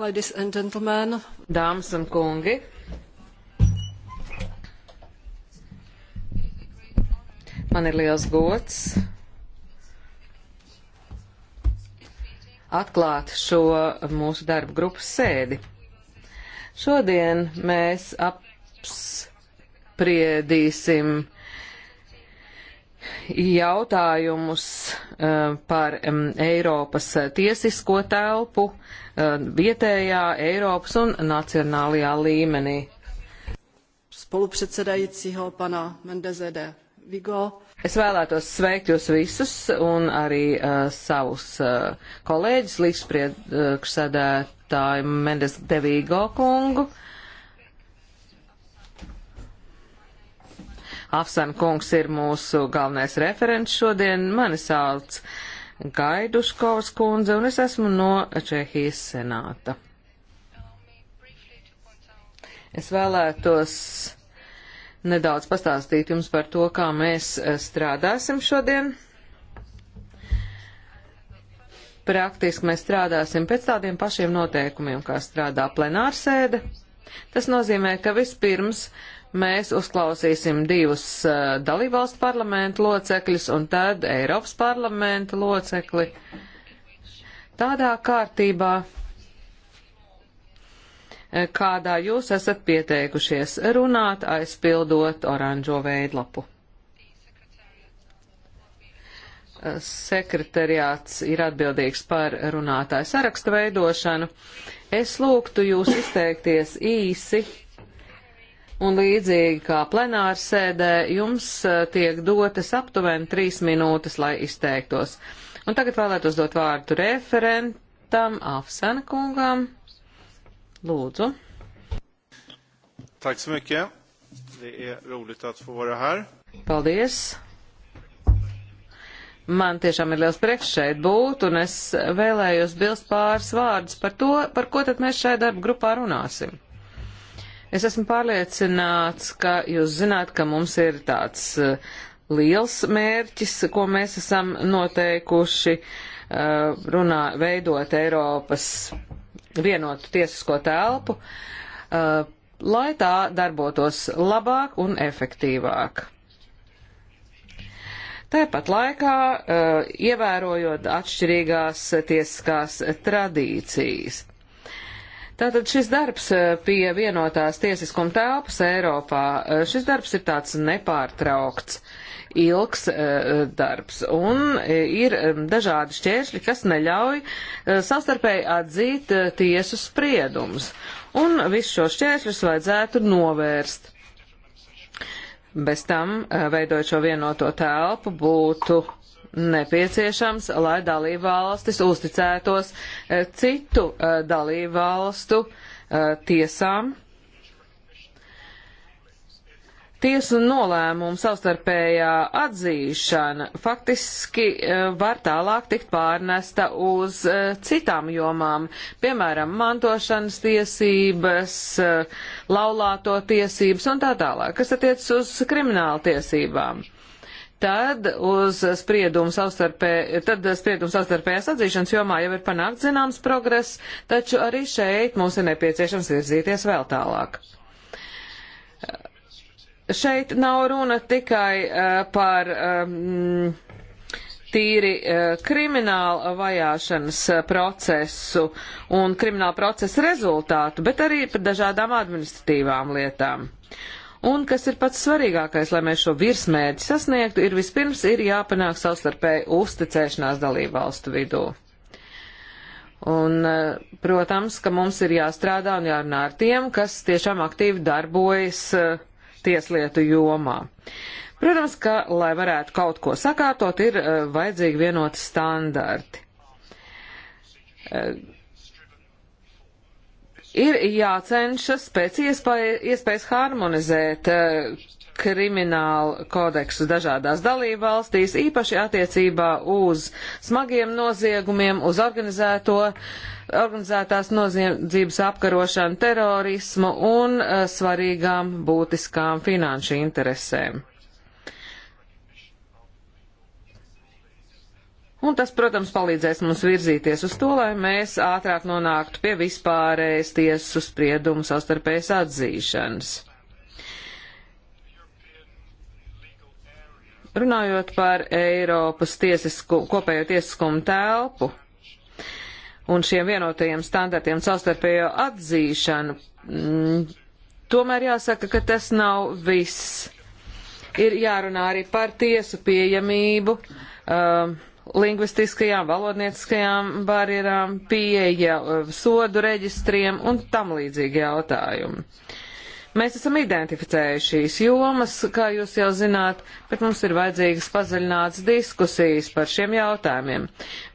Ladies and gentlemen. Dāmas un kungi. Man ir liels gods atklāt šo mūsu darba grupas sēdi. Šodien mēs apspriedīsim jautājumus eh, par Eiropas eh, tiesisko telpu eh, vietējā, Eiropas un nacionālajā līmenī. Es vēlētos sveikt jūs visus un arī uh, savus uh, kolēģus, līdzpriekšsēdētāju Mendes Devigo kungu. Uh, Afsan kungs ir mūsu galvenais referents šodien. Mani sauc Gaiduškovs kundze un es esmu no Čehijas senāta. Es vēlētos nedaudz pastāstīt jums par to, kā mēs strādāsim šodien praktiski mēs strādāsim pēc tādiem pašiem noteikumiem, kā strādā plenārsēde. Tas nozīmē, ka vispirms mēs uzklausīsim divus uh, dalībvalstu parlamentu locekļus un tad Eiropas parlamenta locekli. Tādā kārtībā, uh, kādā jūs esat pieteikušies runāt, aizpildot oranžo veidlapu. Uh, sekretariāts ir atbildīgs par runātāju sarakstu veidošanu. Es lūgtu jūs izteikties īsi un līdzīgi kā plenāra sēdē, jums eh, tiek dotas aptuveni trīs minūtes, lai izteiktos. Un tagad vēlētos dot vārdu referentam Afsana kungam. Lūdzu. Tack så mycket. Det är roligt att få vara här. Paldies. Man tiešām ir liels prieks šeit būt, un es vēlējos bilst pāris vārdus par to, par ko tad mēs šai darba grupā runāsim. Es esmu pārliecināts, ka jūs zināt, ka mums ir tāds eh, liels mērķis, ko mēs esam noteikuši eh, runā, veidot Eiropas vienotu tiesisko telpu, eh, lai tā darbotos labāk un efektīvāk. Tāpat laikā ievērojot atšķirīgās tiesiskās tradīcijas. Tātad šis darbs eh, pie vienotās tiesiskuma telpas Eiropā, eh, šis darbs ir tāds nepārtraukts, ilgs eh, darbs, un ir dažādi šķēršļi, kas neļauj sastarpēji atzīt tiesu spriedumus, un visus šos šķēršļus vajadzētu novērst. Bez tam, veidojot šo vienoto telpu, būtu nepieciešams, lai dalībvalstis uzticētos e, citu e, dalībvalstu e, tiesām. Tiesu nolēmumu savstarpējā atzīšana faktiski var tālāk tikt pārnesta uz citām jomām, piemēram, mantošanas tiesības, laulāto tiesības un tā tālāk, kas attiec uz kriminālu tiesībām tad uz spriedumu savstarpē, tad spriedumu savstarpējās atzīšanas jomā jau ir panākt zināms progress, taču arī šeit mums ir nepieciešams virzīties vēl tālāk. Šeit nav runa tikai uh, par um, tīri uh, eh, kriminālu vajāšanas eh, procesu un kriminālu procesu rezultātu, bet arī par dažādām administratīvām lietām. Uh, Un kas ir pats svarīgākais, lai mēs šo virsmēķi sasniegtu, ir vispirms ir jāpanāk savstarpēji uzticēšanās dalību valstu vidū. Un, eh, protams, ka mums ir jāstrādā un jārunā ar tiem, kas tiešām aktīvi darbojas eh, tieslietu jomā. Protams, ka, lai varētu kaut ko sakārtot, ir eh, vajadzīgi vienoti standarti ir jācenšas pēc iespēja, iespējas harmonizēt eh, kriminālu kodeksu dažādās dalību valstīs, īpaši attiecībā uz smagiem noziegumiem, uz organizēto, organizētās noziedzības apkarošanu, terorismu un eh, svarīgām būtiskām finanšu interesēm. Un tas, protams, palīdzēs mums virzīties uz to, lai mēs ātrāk nonāktu pie vispārējas tiesu spriedumu savstarpējas atzīšanas. Runājot par Eiropas tiesisku, kopējo tiesiskumu telpu un šiem vienotajiem standartiem savstarpējo atzīšanu, m, mm, tomēr jāsaka, ka tas nav viss. Ir jārunā arī par tiesu pieejamību. Uh, um, lingvistiskajām, valodnieciskajām barjerām, pieeja eh, sodu reģistriem un tam līdzīgi jautājumi. Mēs esam identificējuši šīs jomas, kā jūs jau zināt, bet mums ir vajadzīgas padziļināts diskusijas par šiem jautājumiem.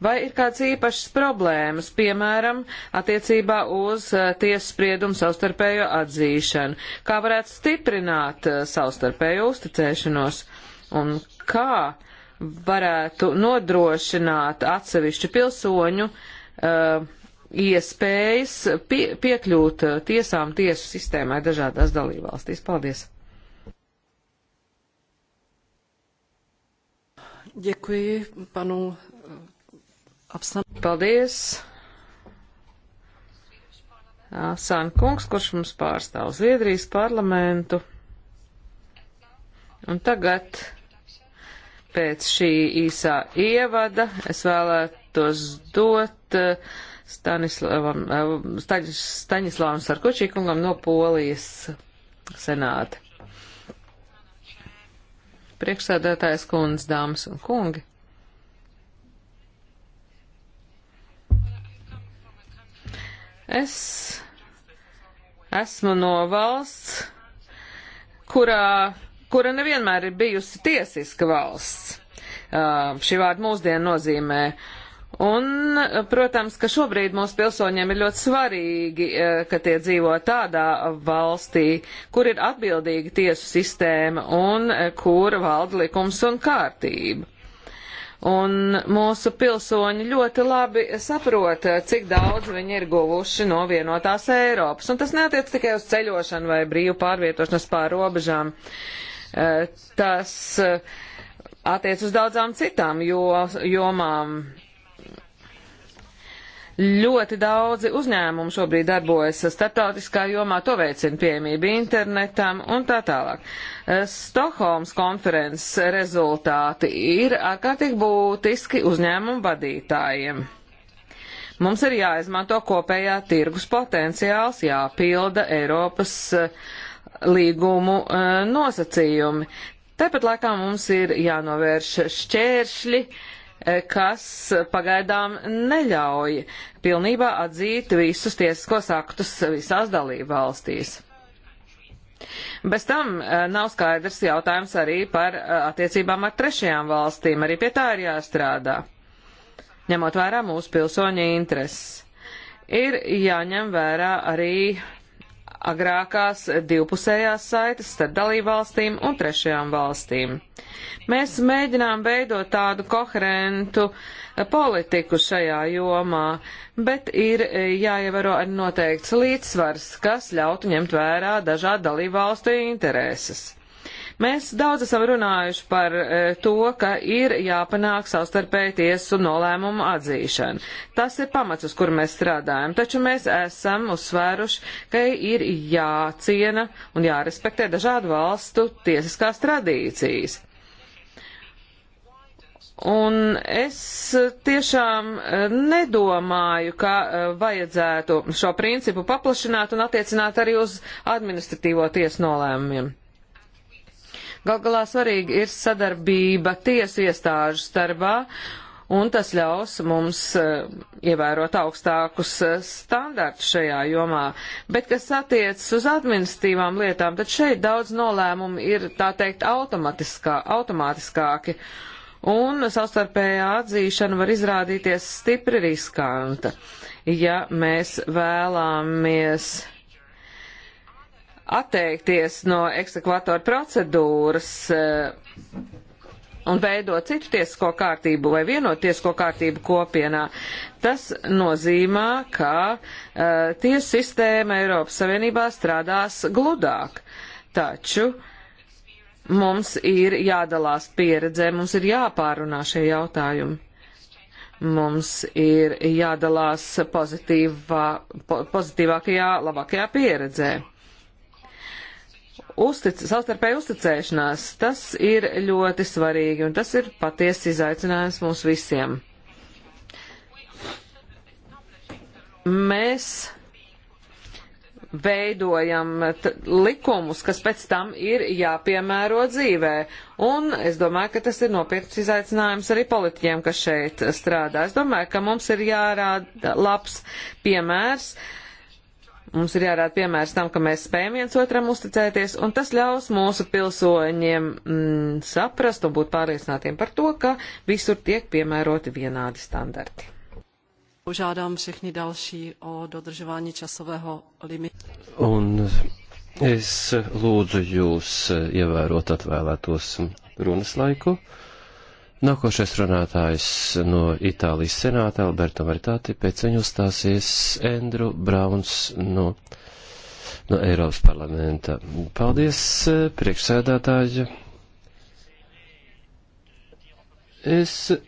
Vai ir kāds īpašs problēmas, piemēram, attiecībā uz eh, tiesas spriedumu savstarpējo atzīšanu? Kā varētu stiprināt eh, savstarpējo uzticēšanos? Un kā uh, varētu nodrošināt atsevišķu pilsoņu uh, iespējas pie, piekļūt uh, tiesām tiesu sistēmai dažādās dalībvalstīs. Paldies! Děkuji panu uh, absolventu. Paldies! Sankungs, kurš mums pārstāv Zviedrijas parlamentu. Un tagad pēc šī īsā ievada es vēlētos dot eh, Stanislavam, eh, Staņis, Staņislavam Sarkočīkungam no Polijas senāta. Priekšsēdētājs kundz, dāmas un kungi. Es esmu no valsts, kurā kura nevienmēr ir bijusi tiesiska valsts. Uh, šī vārda mūsdien nozīmē. Un, uh, protams, ka šobrīd mūsu pilsoņiem ir ļoti svarīgi, uh, ka tie dzīvo tādā valstī, kur ir atbildīga tiesu sistēma un uh, kur valda likums un kārtība. Un mūsu pilsoņi ļoti labi saprot, cik daudz viņi ir guvuši no vienotās Eiropas. Un tas neatiec tikai uz ceļošanu vai brīvu pārvietošanos pār robežām. Uh, Tas eh, attiec uz daudzām citām jomām. Ļoti daudzi uzņēmumi šobrīd darbojas starptautiskā jomā, to veicina piemība internetam un tā tālāk. Eh, Stokholmas konferences rezultāti ir ārkārtīgi būtiski uzņēmumu vadītājiem. Mums ir jāizmanto kopējā tirgus potenciāls, jāpilda Eiropas uh, līgumu e, nosacījumi. Tāpat laikā mums ir jānovērš šķēršļi, e, kas pagaidām neļauj pilnībā atzīt visus tiesiskos aktus visās dalību valstīs. Bez tam e, nav skaidrs jautājums arī par attiecībām ar trešajām valstīm. Arī pie tā ir jāstrādā, ņemot vērā mūsu pilsoņa intereses. Ir jāņem vērā arī agrākās divpusējās saites starp dalībvalstīm un trešajām valstīm. Mēs mēģinām veidot tādu koherentu eh, politiku šajā jomā, bet ir eh, jāievēro arī noteikts līdzsvars, kas ļautu ņemt vērā dažādu dalībvalstu intereses. Mēs daudz esam runājuši par e, to, ka ir jāpanāk savstarpēji tiesu nolēmumu atzīšana. Tas ir pamats, uz kur mēs strādājam, taču mēs esam uzsvēruši, ka ir jāciena un jārespektē dažādu valstu tiesiskās tradīcijas. Un es tiešām e, nedomāju, ka e, vajadzētu šo principu paplašināt un attiecināt arī uz administratīvo tiesu nolēmumiem. Gal galā svarīgi ir sadarbība tiesu iestāžu starpā, un tas ļaus mums eh, ievērot augstākus eh, standartus šajā jomā. Bet, kas attiecas uz administratīvām lietām, tad šeit daudz nolēmumu ir, tā teikt, automatiskā, automātiskāki, un savstarpējā atzīšana var izrādīties stipri riskanta, ja mēs vēlamies atteikties no eksekvatora procedūras eh, un veidot citu tiesisko kārtību vai vienot tiesisko kārtību kopienā. Tas nozīmē, ka uh, eh, tiesa sistēma Eiropas Savienībā strādās gludāk. Taču mums ir jādalās pieredzē, mums ir jāpārunā šie jautājumi. Mums ir jādalās pozitīvā, po, pozitīvākajā, labākajā pieredzē uztic, savstarpēja uzticēšanās, tas ir ļoti svarīgi un tas ir patiesi izaicinājums mums visiem. Mēs veidojam likumus, kas pēc tam ir jāpiemēro dzīvē. Un es domāju, ka tas ir nopietns izaicinājums arī politiķiem, kas šeit strādā. Es domāju, ka mums ir jārāda labs piemērs. Uh, Mums ir jārāda piemērs tam, ka mēs spējam viens otram uzticēties, un tas ļaus mūsu pilsoņiem mm, saprast un būt pārliecinātiem par to, ka visur tiek piemēroti vienādi standarti. Požádám všechny další o dodržování časového limitu. Un es lūdzu jūs ievērot atvēlētos runas laiku. Nākošais runātājs no Itālijas senāta Alberto Martāti, pēc viņu uzstāsies Endru Brauns no, no Eiropas parlamenta. Paldies, priekšsēdētāji. Es eh,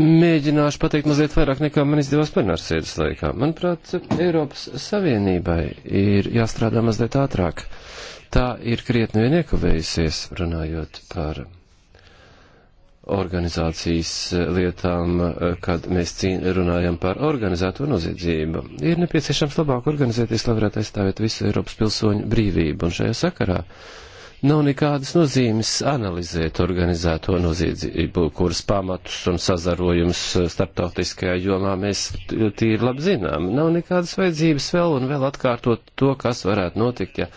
mēģināšu pateikt mazliet vairāk nekā man izdevās plenārs sēdes laikā. Manuprāt, Eiropas Savienībai ir jāstrādā mazliet ātrāk. Tā ir krietni vien iekavējusies, runājot par organizācijas eh, lietām, eh, kad mēs cīn, runājam par organizēto noziedzību. Ir nepieciešams labāk organizēties, lai varētu aizstāvēt visu Eiropas pilsoņu brīvību, un šajā sakarā nav nekādas nozīmes analizēt organizēto noziedzību, kuras pamatus un sazarojumus eh, starptautiskajā jomā mēs tīri labi zinām. Nav nekādas vajadzības vēl un vēl atkārtot to, kas varētu notikt, ja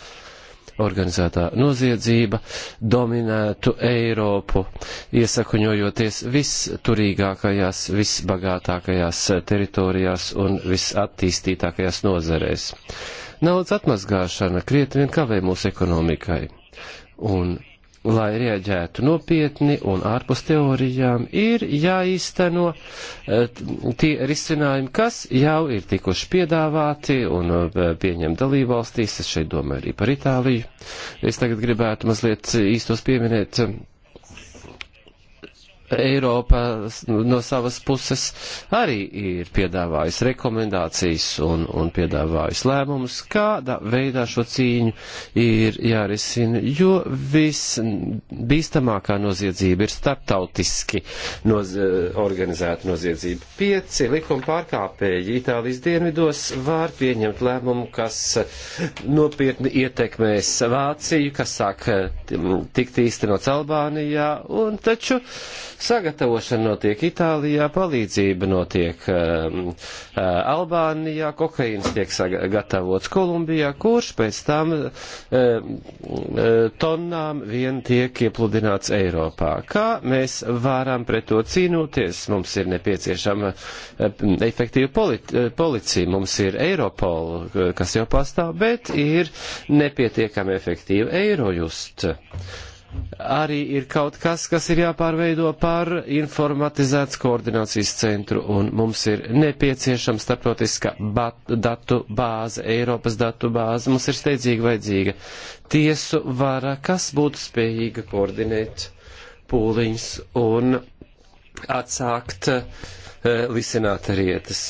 organizētā noziedzība dominētu Eiropu, iesakuņojoties visturīgākajās, visbagātākajās teritorijās un visattīstītākajās nozerēs. Naudas atmazgāšana krietni vien kavē mūsu ekonomikai. Un lai rieģētu nopietni un ārpus teorijām, ir jāīsteno eh, tie risinājumi, kas jau ir tikuši piedāvāti un eh, pieņem dalībvalstīs. Es šeit domāju arī par Itāliju. Es tagad gribētu mazliet īstos pieminēt Eiropā no savas puses arī ir piedāvājis rekomendācijas un, un piedāvājis lēmumus, kādā veidā šo cīņu ir jārisina, jo visbīstamākā noziedzība ir starptautiski noz organizēta noziedzība. Pieci likuma pārkāpēji Itālijas dienvidos var pieņemt lēmumu, kas nopietni ietekmēs Vāciju, kas sāk eh, tikt īstenots Albānijā, un taču Sagatavošana notiek Itālijā, palīdzība notiek um, uh, Albānijā, kokaīns tiek sagatavots Kolumbijā, kurš pēc tam uh, uh, tonnām vien tiek iepludināts Eiropā. Kā mēs varam pret to cīnoties? Mums ir nepieciešama uh, efektīva politi uh, policija, mums ir Eiropola, uh, kas jau pastāv, bet ir nepietiekami efektīva Eirojust. Uh, arī ir kaut kas, kas ir jāpārveido par informatizēts koordinācijas centru, un mums ir nepieciešama starptautiska datu bāze, Eiropas datu bāze, mums ir steidzīgi vajadzīga tiesu vara, kas būtu spējīga koordinēt pūliņus un atsākt uh, lisināt rietas.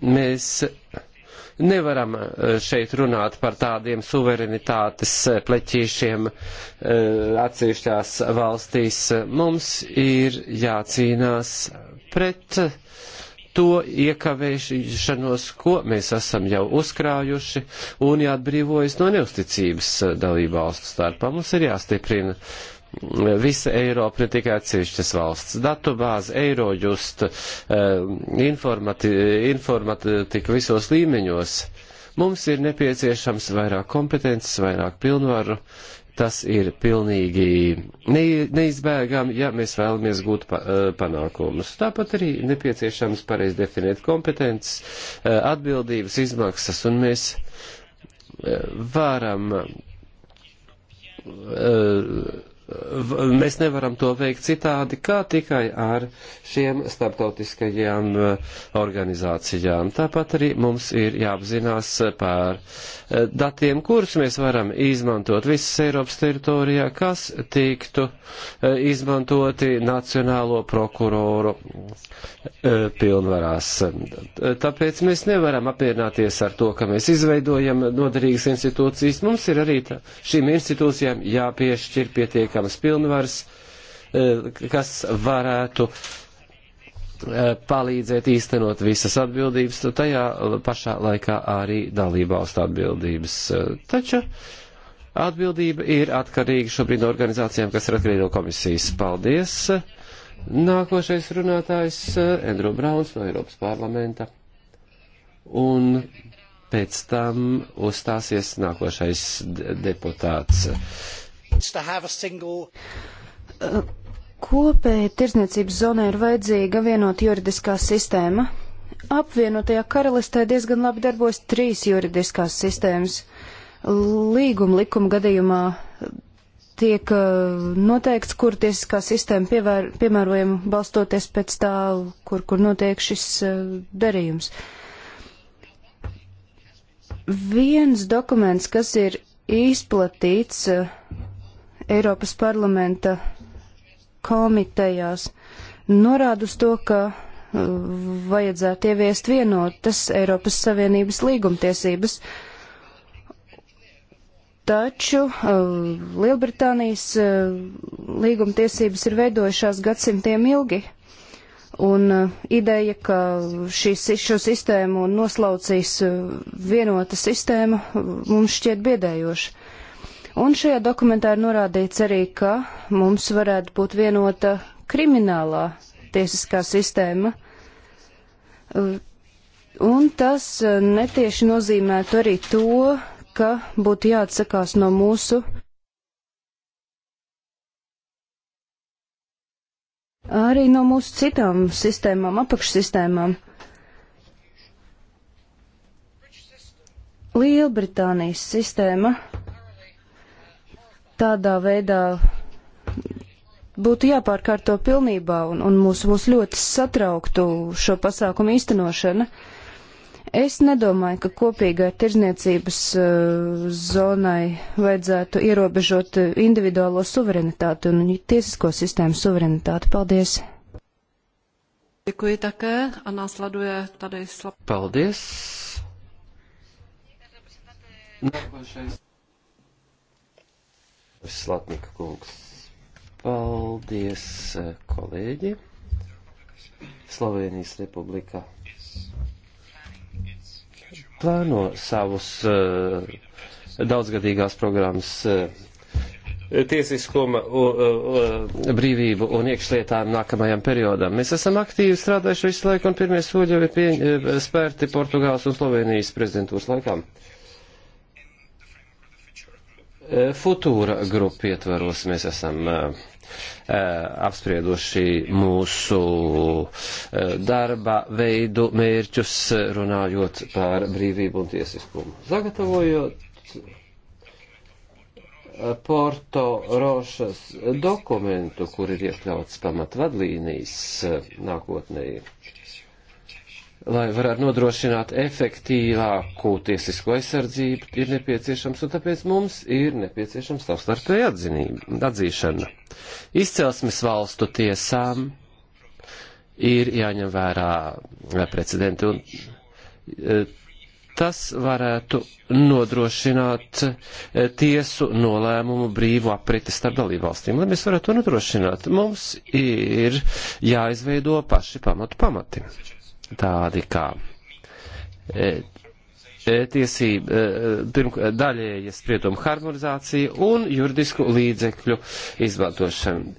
Mēs uh, nevaram eh, šeit runāt par tādiem suverenitātes eh, pleķīšiem eh, atsevišķās valstīs. Mums ir jācīnās pret to iekavēšanos, ko mēs esam jau uzkrājuši, un jāatbrīvojas no neusticības dalību valstu starpā. Mums ir jāstiprina visa Eiropa, ne tikai atsevišķas valsts. Datubāze, Eirojust, eh, informati, informatika visos līmeņos. Mums ir nepieciešams vairāk kompetences, vairāk pilnvaru. Tas ir pilnīgi neizbēgami, ja mēs vēlamies gūt eh, panākumus. Tāpat arī nepieciešams pareiz definēt kompetences, eh, atbildības, izmaksas, un mēs varam uh, mēs nevaram to veikt citādi, kā tikai ar šiem starptautiskajām eh, organizācijām. Tāpat arī mums ir jāapzinās par eh, datiem, kurus mēs varam izmantot visas Eiropas teritorijā, kas tiktu eh, izmantoti Nacionālo prokuroru pilnvarās. Tāpēc mēs nevaram apmierināties ar to, ka mēs izveidojam noderīgas institūcijas. Mums ir arī tā, šīm institūcijām jāpiešķir pietiekami pietiekamas pilnvaras, e, kas varētu e, palīdzēt īstenot visas atbildības, tajā pašā laikā arī dalībvalstu atbildības. E, taču atbildība ir atkarīga šobrīd no organizācijām, kas ir atkarīga no komisijas. Paldies! Nākošais runātājs Endro Brauns no Eiropas parlamenta. Un pēc tam uzstāsies nākošais deputāts. Kopēja tirzniecības zonai ir vajadzīga vienota juridiskā sistēma. Apvienotajā karalistē diezgan labi darbojas trīs juridiskās sistēmas. Līguma likuma gadījumā tiek eh, noteikts, kur tiesiskā sistēma pievēr, piemērojama balstoties pēc tā, kur, kur notiek šis eh, darījums. Viens dokuments, kas ir izplatīts eh, Eiropas parlamenta komitejās norāda uz to, ka uh, vajadzētu ieviest vienotas Eiropas Savienības līgumtiesības. Taču uh, Lielbritānijas uh, līgumtiesības ir veidojušās gadsimtiem ilgi, un ideja, ka šis, šo sistēmu noslaucīs vienota sistēma, mums šķiet biedējoša. Un šajā dokumentā ir norādīts arī, ka mums varētu būt vienota kriminālā tiesiskā sistēma, un tas netieši nozīmētu arī to, ka būtu jāatsakās no mūsu arī no mūsu citām sistēmām, apakšsistēmām. Lielbritānijas sistēma tādā veidā būtu jāpārkārto pilnībā un, un mūs, mūs ļoti satrauktu šo pasākumu īstenošana. Es nedomāju, ka kopīgai tirzniecības uh, zonai vajadzētu ierobežot eh, individuālo suverenitāti un tiesisko sistēmu suverenitāti. Paldies! Děkuji také a následuje tady slab... Paldies! Nākošais. Slatnika kungs. Paldies, eh, kolēģi. Slovenijas republika plāno savus uh, daudzgadīgās programmas uh, tiesiskuma uh, uh, brīvību un iekšlietām nākamajam periodam. Mēs esam aktīvi strādājuši visu laiku, un pirmie soļi jau ir pie, uh, spērti Portugāles un Slovenijas prezidentūras laikām. Uh, Futūra grupa ietvaros mēs esam eh, eh, apsprieduši mūsu eh, darba veidu mērķus, runājot par brīvību un tiesiskumu. Sagatavojot Porto Rošas dokumentu, kur ir iekļauts pamatvadlīnijas nākotnēji lai varētu nodrošināt efektīvāku tiesisko aizsardzību, ir nepieciešams, un tāpēc mums ir nepieciešams savstarpēja atzīšana. Izcelsmes valstu tiesām ir jāņem vērā eh, precedenti, un eh, tas varētu nodrošināt eh, tiesu nolēmumu brīvu apriti starp dalībvalstīm. Lai mēs varētu to nodrošināt, mums ir jāizveido paši pamatu pamati. pamati tādi kā e, e, tiesība, e, pirm, daļēja sprieduma harmonizācija un juridisku līdzekļu izmantošana.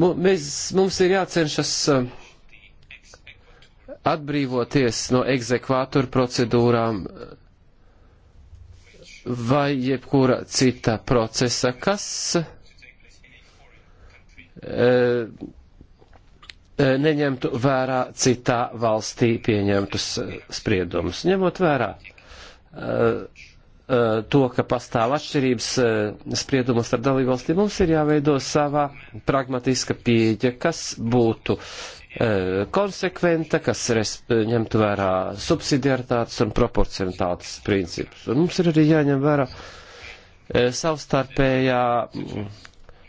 Mēs, mums ir jācenšas atbrīvoties no egzekvātoru procedūrām vai jebkura cita procesa, kas E, neņemtu vērā citā valstī pieņemtus e, spriedumus. Ņemot vērā e, to, ka pastāv atšķirības spriedumus starp dalībvalstīm, mums ir jāveido savā pragmatiska pieeja, kas būtu konsekventa, kas ņemtu vērā subsidiaritātes un proporcionitātes principus. Un mums ir arī jāņem vērā savstarpējā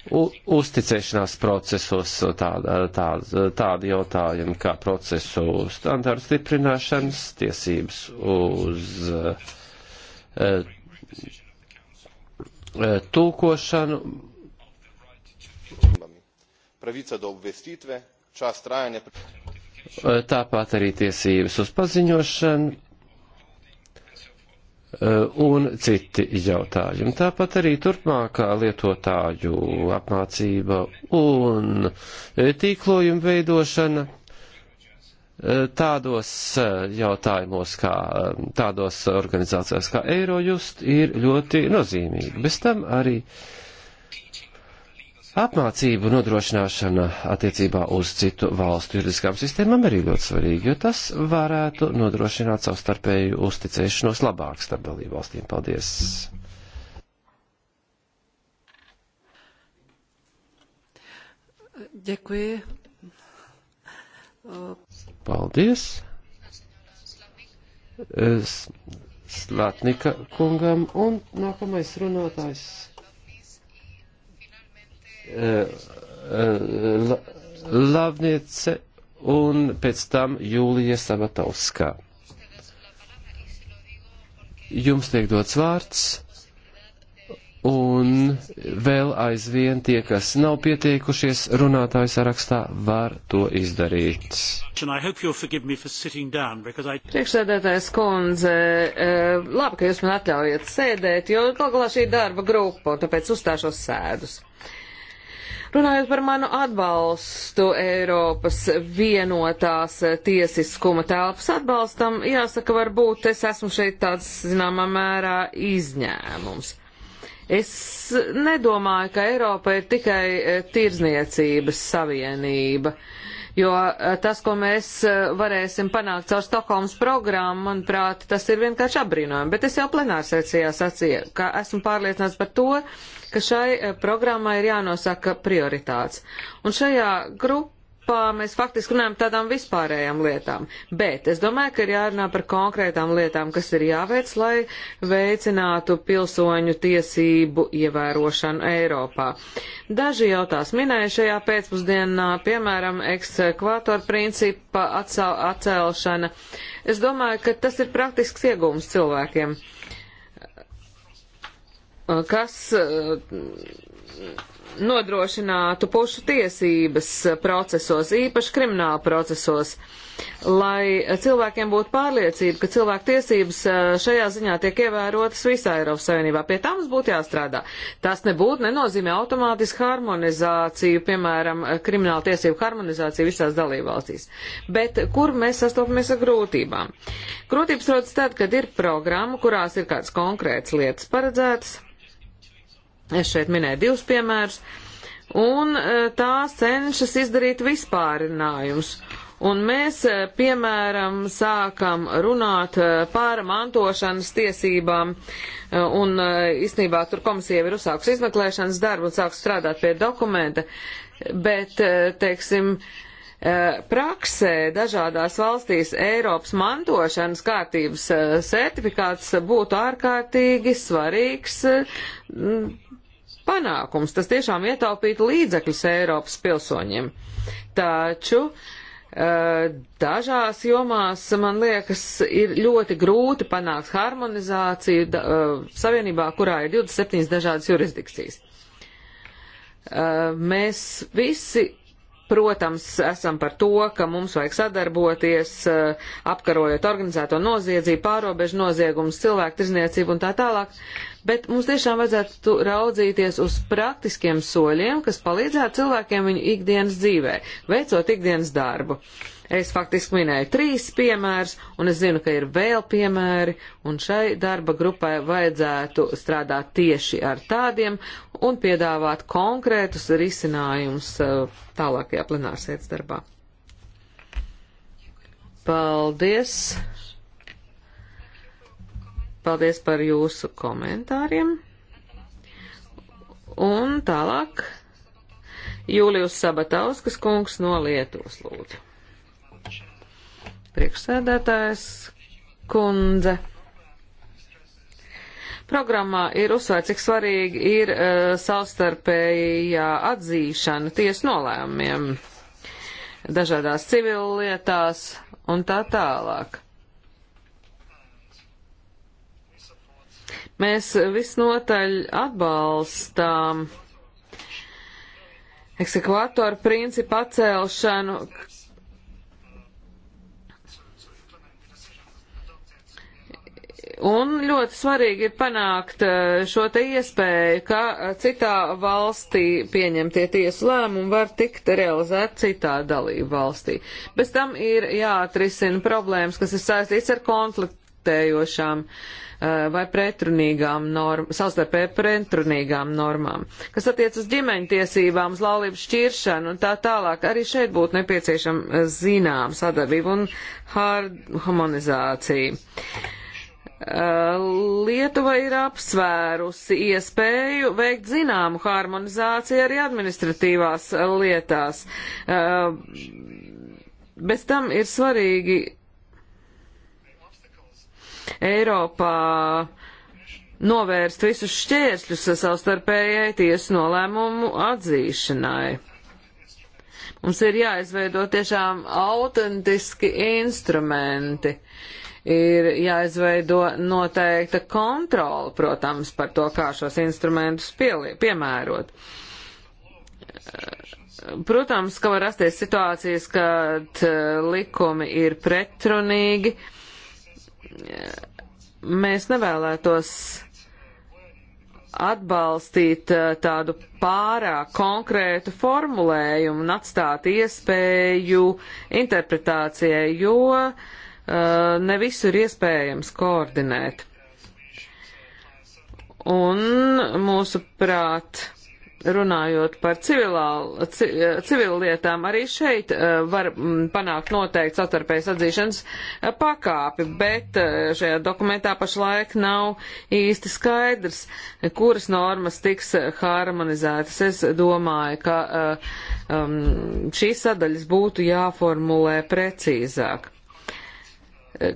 uzticēšanās procesos tāda, tāda, tāda jautājuma kā procesu standārtu stiprināšanas, tiesības uz uh, tulkošanu. Pravica do obvestitve, čas trajanja. Tāpat arī tiesības uz paziņošanu Eh, un citi jautājumi. Tāpat arī turpmākā lietotāju apmācība un eh, tīklojuma veidošana eh, tādos jautājumos, kā tādos organizācijās kā Eirojust, ir ļoti nozīmīga. Bez tam arī uh, Apmācību nodrošināšana attiecībā uz citu valstu juridiskām sistēmām arī ļoti svarīga, jo tas varētu nodrošināt savstarpēju uzticēšanos labāk starp dalību valstīm. Paldies! Děkuji. Paldies. Slatnika kungam un nākamais runātājs. Eh, eh, lavniece un pēc tam Jūlija Sabatauskā. Jums tiek dots vārds, un vēl aizvien tie, kas nav pieteikušies runātāju sarakstā, var to izdarīt. Priekšsēdētājs kundze, eh, labi, ka jūs man atļaujat sēdēt, jo gal galā šī darba grupa, un tāpēc uzstāšos sēdus. Uh, Runājot par manu atbalstu Eiropas vienotās tiesiskuma telpas atbalstam, jāsaka, varbūt es esmu šeit tāds, zināmā mērā, izņēmums. Es nedomāju, ka Eiropa ir tikai e, tirzniecības savienība, jo e, tas, ko mēs e, varēsim panākt caur Stokholmas programmu, manuprāt, tas ir vienkārši apbrīnojami. Bet es jau plenārsēcijā sacīju, ka esmu pārliecināts par to, ka šai eh, programmai ir jānosaka prioritāts. Un šajā grupā mēs faktiski runājam tādām vispārējām lietām, bet es domāju, ka ir jārunā par konkrētām lietām, kas ir jāveic, lai veicinātu pilsoņu tiesību ievērošanu Eiropā. Daži jau tās minēja šajā pēcpusdienā, piemēram, eksekvātora principa atcelšana. Es domāju, ka tas ir praktisks iegūms cilvēkiem. Uh, kas eh, nodrošinātu pušu tiesības procesos, īpaši krimināla procesos, lai cilvēkiem būtu pārliecība, ka cilvēku tiesības eh, šajā ziņā tiek ievērotas visā Eiropas Savienībā. Pie tā mums būtu jāstrādā. Tas nebūtu nenozīmē automātiski harmonizāciju, piemēram, krimināla tiesību harmonizāciju visās dalībvalstīs. Bet kur mēs sastopamies ar grūtībām? Grūtības rodas tad, kad ir programma, kurās ir kāds konkrēts lietas paredzētas Es šeit minēju divus piemērus. Un e, tās cenšas izdarīt vispārinājumus. Un mēs, e, piemēram, sākam runāt e, par mantošanas tiesībām, un īstenībā tur komisija ir uzsākusi izmeklēšanas darbu un sāks strādāt pie dokumenta, bet, teiksim, praksē dažādās valstīs Eiropas mantošanas kārtības certifikāts būtu ārkārtīgi svarīgs panākums, tas tiešām ietaupītu līdzekļus Eiropas pilsoņiem. Taču eh, dažās jomās, man liekas, ir ļoti grūti panākt harmonizāciju eh, savienībā, kurā ir 27 dažādas jurisdikcijas. Eh, mēs visi protams, esam par to, ka mums vajag sadarboties, apkarojot organizēto noziedzību, pārobežu noziegumus, cilvēku tirzniecību un tā tālāk bet mums tiešām vajadzētu raudzīties uz praktiskiem soļiem, kas palīdzētu cilvēkiem viņu ikdienas dzīvē, veicot ikdienas darbu. Es faktiski minēju trīs piemērus, un es zinu, ka ir vēl piemēri, un šai darba grupai vajadzētu strādāt tieši ar tādiem un piedāvāt konkrētus risinājumus uh, tālākajā plenārsēdes darbā. Paldies! Paldies par jūsu komentāriem. Un tālāk Jūlijus Sabatauskas kungs no Lietuvas lūdzu. Priekšsēdētājs kundze. Programmā ir uzsvērts, cik svarīgi ir uh, savstarpējā atzīšana tiesu nolēmumiem dažādās civillietās un tā tālāk. Mēs visnotaļ atbalstām eksekvatoru principu atcelšanu. Un ļoti svarīgi ir panākt eh, šo te iespēju, ka citā valstī pieņemtie tiesu lēmumi var tikt realizēt citā dalību valstī. Bez tam ir jāatrisina problēmas, kas ir saistīts ar konfliktu konfliktējošām eh, vai pretrunīgām normām, savstarpēji pretrunīgām normām, kas attiec uz ģimeņu tiesībām, uz laulību šķiršanu un tā tālāk. Arī šeit būtu nepieciešama eh, zinām sadarbība un harmonizācija. Eh, Lietuva ir apsvērusi iespēju veikt zināmu harmonizāciju arī administratīvās lietās. Bez tam ir svarīgi Eiropā novērst visus šķēršļus savstarpējai tiesu nolēmumu atzīšanai. Mums ir jāizveido tiešām autentiski instrumenti. Ir jāizveido noteikta kontrola, protams, par to, kā šos instrumentus pielie, piemērot. Protams, ka var rasties situācijas, kad eh, likumi ir pretrunīgi. Uh, mēs nevēlētos atbalstīt eh, tādu pārāk konkrētu formulējumu un atstāt iespēju interpretācijai, jo uh, ne visu ir iespējams koordinēt. Un mūsu prāt, runājot par civilā, civil lietām, arī šeit eh, var mm, panākt noteikti satarpējas atzīšanas eh, pakāpi, bet eh, šajā dokumentā pašlaik nav īsti skaidrs, kuras normas tiks harmonizētas. Es domāju, ka um, šīs sadaļas būtu jāformulē precīzāk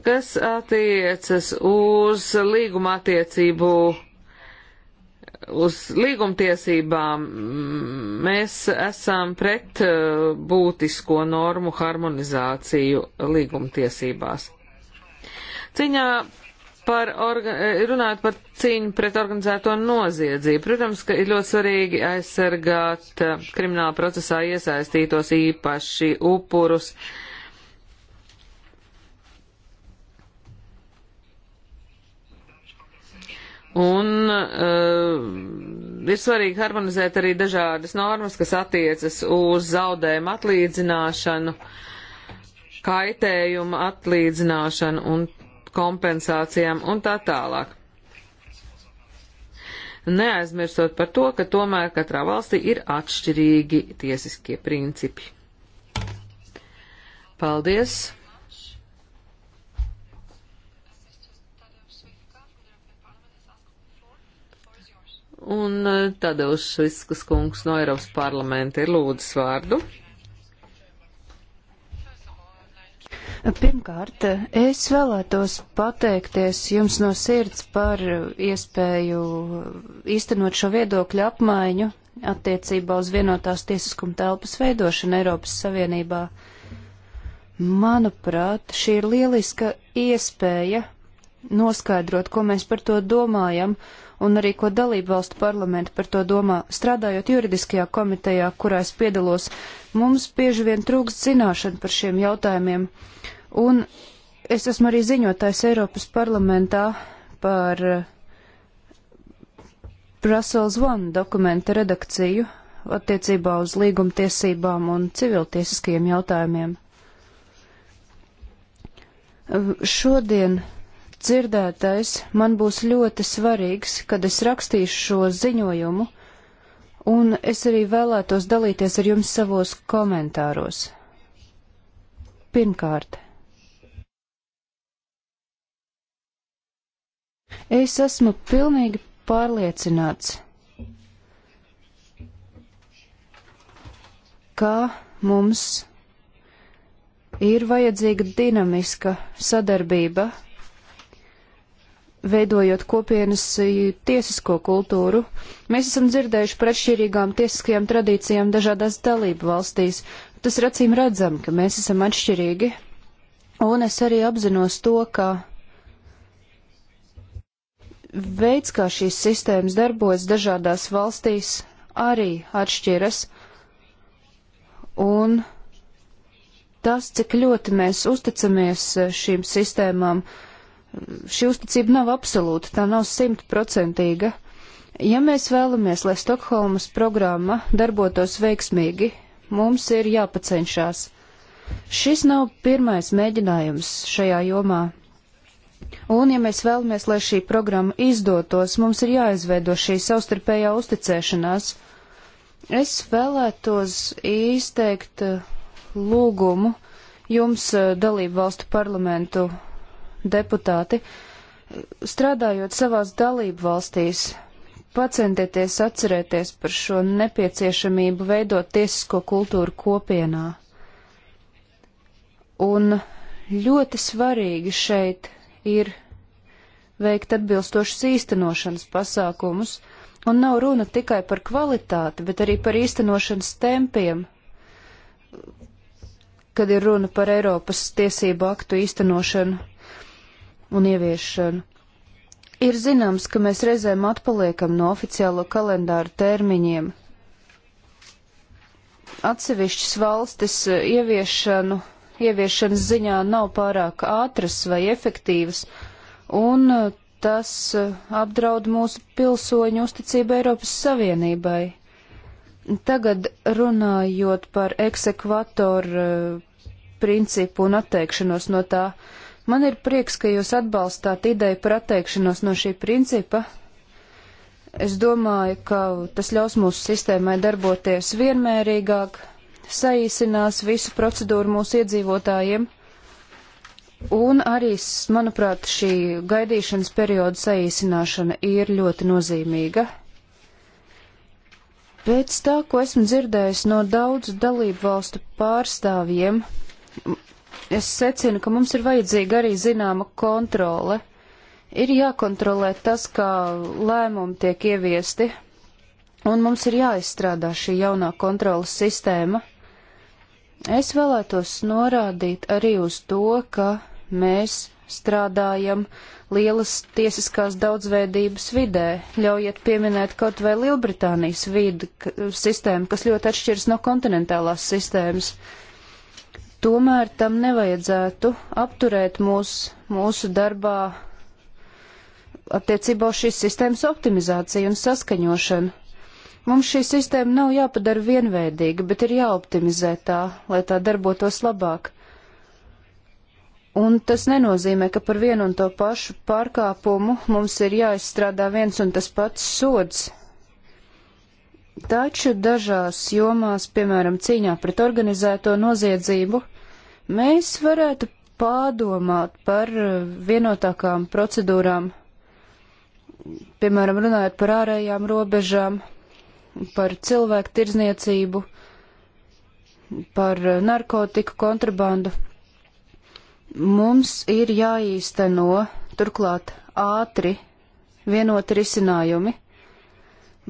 kas attiecas uz līguma attiecību uz līgumtiesībām mēs esam pret uh, būtisko normu harmonizāciju līgumtiesībās. Ciņā par orga, runājot par cīņu pret organizēto noziedzību, protams, ka ir ļoti svarīgi aizsargāt uh, krimināla procesā iesaistītos īpaši upurus. Uh, Un uh, ir svarīgi harmonizēt arī dažādas normas, kas attiecas uz zaudējumu atlīdzināšanu, kaitējumu atlīdzināšanu un kompensācijām un tā tālāk neaizmirstot par to, ka tomēr katrā valstī ir atšķirīgi tiesiskie principi. Paldies! Un eh, Tadeuš Šviskas kungs no Eiropas parlamenta ir lūdzis vārdu. Pirmkārt, es vēlētos pateikties jums no sirds par iespēju īstenot šo viedokļu apmaiņu attiecībā uz vienotās tiesiskuma telpas veidošanu Eiropas Savienībā. Manuprāt, šī ir lieliska iespēja noskaidrot, ko mēs par to domājam, uh, un arī, ko dalību valstu parlamenti par to domā. Strādājot juridiskajā komitejā, kurā es piedalos, mums bieži vien trūkst zināšana par šiem jautājumiem. Un es esmu arī ziņotājs Eiropas parlamentā par eh, Brussels One dokumenta redakciju attiecībā uz līgumtiesībām un civiltiesiskajiem jautājumiem. Šodien dzirdētais man būs ļoti svarīgs, kad es rakstīšu šo ziņojumu, un es arī vēlētos dalīties ar jums savos komentāros. Pirmkārt, es esmu pilnīgi pārliecināts, ka mums ir vajadzīga dinamiska sadarbība veidojot kopienas tiesisko kultūru. Mēs esam dzirdējuši par atšķirīgām tiesiskajām tradīcijām dažādās dalību valstīs. Tas ir acīm redzam, ka mēs esam atšķirīgi. Un es arī apzinos to, ka veids, kā šīs sistēmas darbojas dažādās valstīs, arī atšķiras. Un tas, cik ļoti mēs uzticamies šīm sistēmām, uh, šī uzticība nav absolūta, tā nav simtprocentīga. Ja mēs vēlamies, lai Stokholmas programma darbotos veiksmīgi, mums ir jāpacenšās. Šis nav pirmais mēģinājums šajā jomā. Un, ja mēs vēlamies, lai šī programma izdotos, mums ir jāizveido šī savstarpējā uzticēšanās. Es vēlētos izteikt eh, lūgumu jums, eh, dalību valstu parlamentu deputāti, strādājot savās dalību valstīs, pacentieties atcerēties par šo nepieciešamību veidot tiesisko kultūru kopienā. Un ļoti svarīgi šeit ir veikt atbilstošas īstenošanas pasākumus, un nav runa tikai par kvalitāti, bet arī par īstenošanas tempiem, kad ir runa par Eiropas tiesību aktu īstenošanu un ieviešanu. Ir zināms, ka mēs reizēm atpaliekam no oficiālo kalendāru termiņiem. Atsevišķas valstis eh, ieviešanu, ieviešanas ziņā nav pārāk ātras vai efektīvas, un eh, tas eh, apdraud mūsu pilsoņu uzticību Eiropas Savienībai. Tagad runājot par eksekvatoru principu un atteikšanos no tā, Man ir prieks, ka jūs atbalstāt ideju par atteikšanos no šī principa. Es domāju, ka tas ļaus mūsu sistēmai darboties vienmērīgāk, saīsinās visu procedūru mūsu iedzīvotājiem, un arī, manuprāt, šī gaidīšanas perioda saīsināšana ir ļoti nozīmīga. Pēc tā, ko esmu dzirdējis no daudzu dalību valstu pārstāvjiem, es secinu, ka mums ir vajadzīga arī zināma kontrole. Ir jākontrolē tas, kā lēmumi tiek ieviesti, un mums ir jāizstrādā šī jaunā kontrolas sistēma. Es vēlētos norādīt arī uz to, ka mēs strādājam lielas tiesiskās daudzveidības vidē. Ļaujiet pieminēt kaut vai Lielbritānijas vidu sistēmu, kas ļoti atšķiras no kontinentālās sistēmas. Uh, Tomēr tam nevajadzētu apturēt mūs, mūsu darbā attiecībā uz šīs sistēmas optimizāciju un saskaņošanu. Mums šī sistēma nav jāpadara vienveidīga, bet ir jāoptimizē tā, lai tā darbotos labāk. Un tas nenozīmē, ka par vienu un to pašu pārkāpumu mums ir jāizstrādā viens un tas pats sods. Taču dažās jomās, piemēram, cīņā pret organizēto noziedzību, Mēs varētu pārdomāt par eh, vienotākām procedūrām, piemēram, runājot par ārējām robežām, par cilvēku tirzniecību, par eh, narkotiku kontrabandu. Mums ir jāīsteno turklāt ātri vienoti risinājumi.